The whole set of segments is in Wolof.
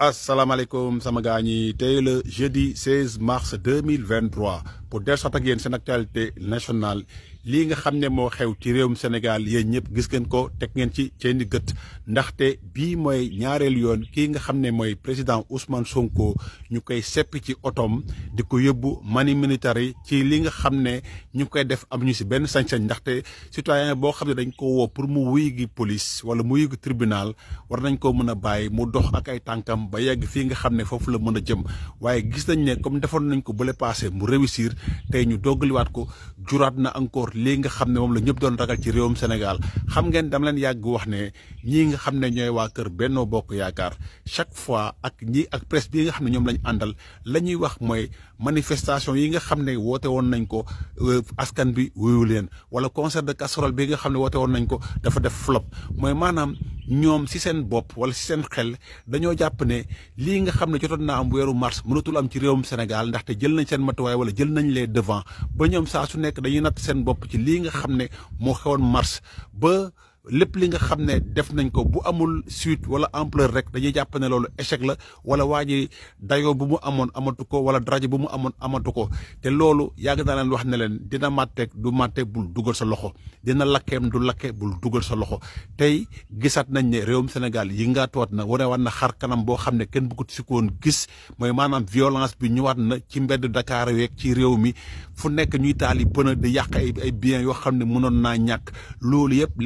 Assalamu alaikum, samagani. C'est le jeudi 16 mars 2023 pour des ak une actualité nationale lii nga xam ne moo xew ci réewum Sénégal yéen ñëpp gis ngeen ko teg ngeen ci seeni gët ndaxte bii mooy ñaareelu yoon kii nga xam ne mooy président Ousmane Sonko ñu koy seppi ci otoom di ko yóbbu mani militari ci li nga xam ne ñu koy def am ñu si benn sañ-sañ ndaxte citoyen boo xam ne dañ ko woo pour mu wuy gi police wala mu wuy gi tribunal war nañ koo mën a bàyyi mu dox ak ay tànkam ba yegg fii nga xam ne foofu la mën a jëm waaye gis nañ ne comme defoon nañ ko bële passé mu réussir tey ñu doggaliwaat ko juraat na encore lii nga xam ne moom la ñëpp doon ragal ci réewum Sénégal xam ngeen dama leen yàgg wax ne ñii nga xam ne ñooy waa kër bennoo Bokk Yaakaar chaque fois ak ñii ak presse bii nga xam ne ñoom lañ àndal lañuy wax mooy manifestation yi nga xam ne woote woon nañ ko euh, askan bi wuyu leen wala concert de casserole bi nga xam ne woote woon nañ ko dafa def flop mooy maanaam ñoom si seen bopp wala si seen xel dañoo jàpp ne lii nga xam ne jotoon naa am weeru mars mënatul am ci réewum Sénégal ndaxte jël nañ seen matuwaay wala jël nañ les devant ba ñoom saa su nekk dañuy natt seen bopp ci lii nga xam ne moo xewoon mars ba lépp li nga xam ne def nañ ko bu amul suite wala ampleur rek dañuy jàpp ne loolu échec la wala waa ji dayoo bu mu amoon amatu ko wala daraja bu mu amoon amatu ko te loolu yàgg naa leen wax ne leen dina màtteeg du màtte bul dugal sa loxo dina lakkeem du lakke bul dugal sa loxo tey gisaat nañ ne réewum Sénégal yi ngaa toot na wane war na xar kanam boo xam ne kenn bëggut si ko gis mooy maanaam violence bi ñëwaat na ci mbedd Dakar yeeg ci réew mi fu nekk ñuy taal yi pëna di ay biens yoo xam ne mënoon naa ñàkk loolu yëpp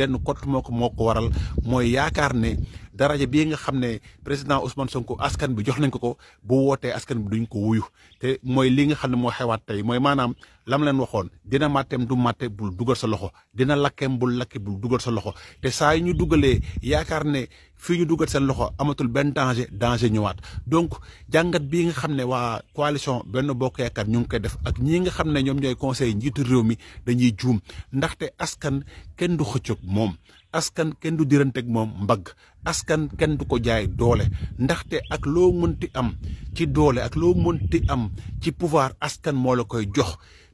moo ko moo ko waral mooy yaakaar ne daraja bii nga xam ne président Ousmane Sonko askan bi jox nañ ko ko bu wootee askan bi duñ ko wuyu te mooy li nga xam ne moo xewaat tey mooy maanaam lam leen waxoon dina màtteem du màtte bul dugal sa loxo dina lakkeem bul lakki bul dugal sa loxo te saa ñu dugalee yaakaar ne fii ñu duggat seen loxo amatul benn danger danger ñëwaat donc jàngat bii nga xam ne waa coalition benn bokk yaakaar ñu ngi koy def ak ñi nga xam ne ñoom ñooy conseil njiitu réew mi dañuy juum ndaxte askan kenn du xëccoog moom askan kenn du diranteeg moom mbagg askan kenn du ko jaay doole ndaxte ak loo mënti am ci doole ak loo mënti am ci pouvoir askan moo la koy jox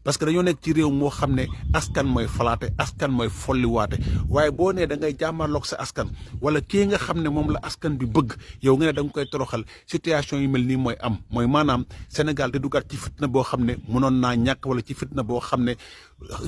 parce que dañoo nekk ci réew moo xam ne askan mooy falaate askan mooy folliwaate waaye boo nee da ngay jàmmarloog sa askan wala kii nga xam ne moom la askan bi bëgg yow nga ne da koy toroxal situation yu mel nii mooy am mooy maanaam Sénégal di dugaat ci fitna boo xam ne mënoon naa ñàkk wala ci fitna boo xam ne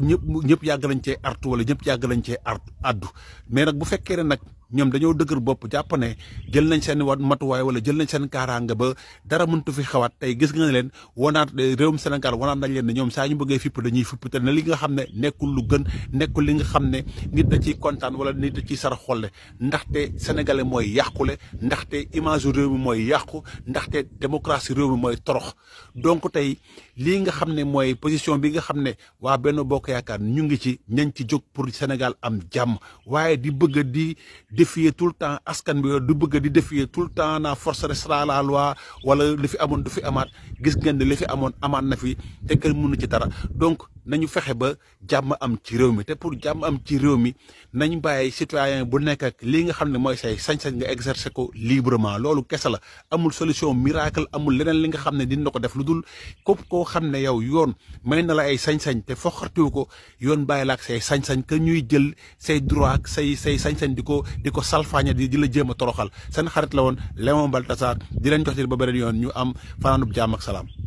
ñëpp ñëpp yàgg lañ cee artu wala ñëpp yàgg lañ cee artu addu mais nag bu fekkee ne nag ñom dañoo dëgër bop japp ne jël nañ seen wat way wala jël nañ seen karanga ba dara muntu fi xawat tay gis nga leen wanaat eh, rewum Sénégal wanaat nañ leen ñom ñoom ñu bëggee fipp dañuy fipp te ne li nga xam ne nekkul lu gën nekkul li nga xam ne nit da ci contane wala nit da ciy sara xolle ndaxte sénégalais mooy yàqule ndaxte image réew moy yaqku ndaxte démocratie réew mi torox donc tay li nga ne position bi nga ne benn bokk yaakar ñu ngi ci ñan ci jog pour Sénégal am jam, waye di bëgg di défier tout le temps askan bi du défier tout le temps la force restera la loi wala li fi amon, du fi amaat gis ngeen li fi na fi donc nañu fexe ba jàmm am ci réew mi te pour jàmm am ci réew mi nañu bàyyee citoyen bu nekk ak lii nga xam ne mooy say sañ-sañ nga exercer ko librement loolu kese la amul solution miracle amul leneen li nga xam ne dina ko def lu dul képp koo xam ne yow yoon may na la ay sañ-sañ te foxartiwu ko yoon bàyyi la ak say sañ-sañ que ñuy jël say droit ak say say sañ-sañ di ko di ko salfaañe di di la jéem a toroxal seen xarit la woon Léon Baltasar di leen jox ci ba beneen yoon ñu am fanaanub jàmm ak salaam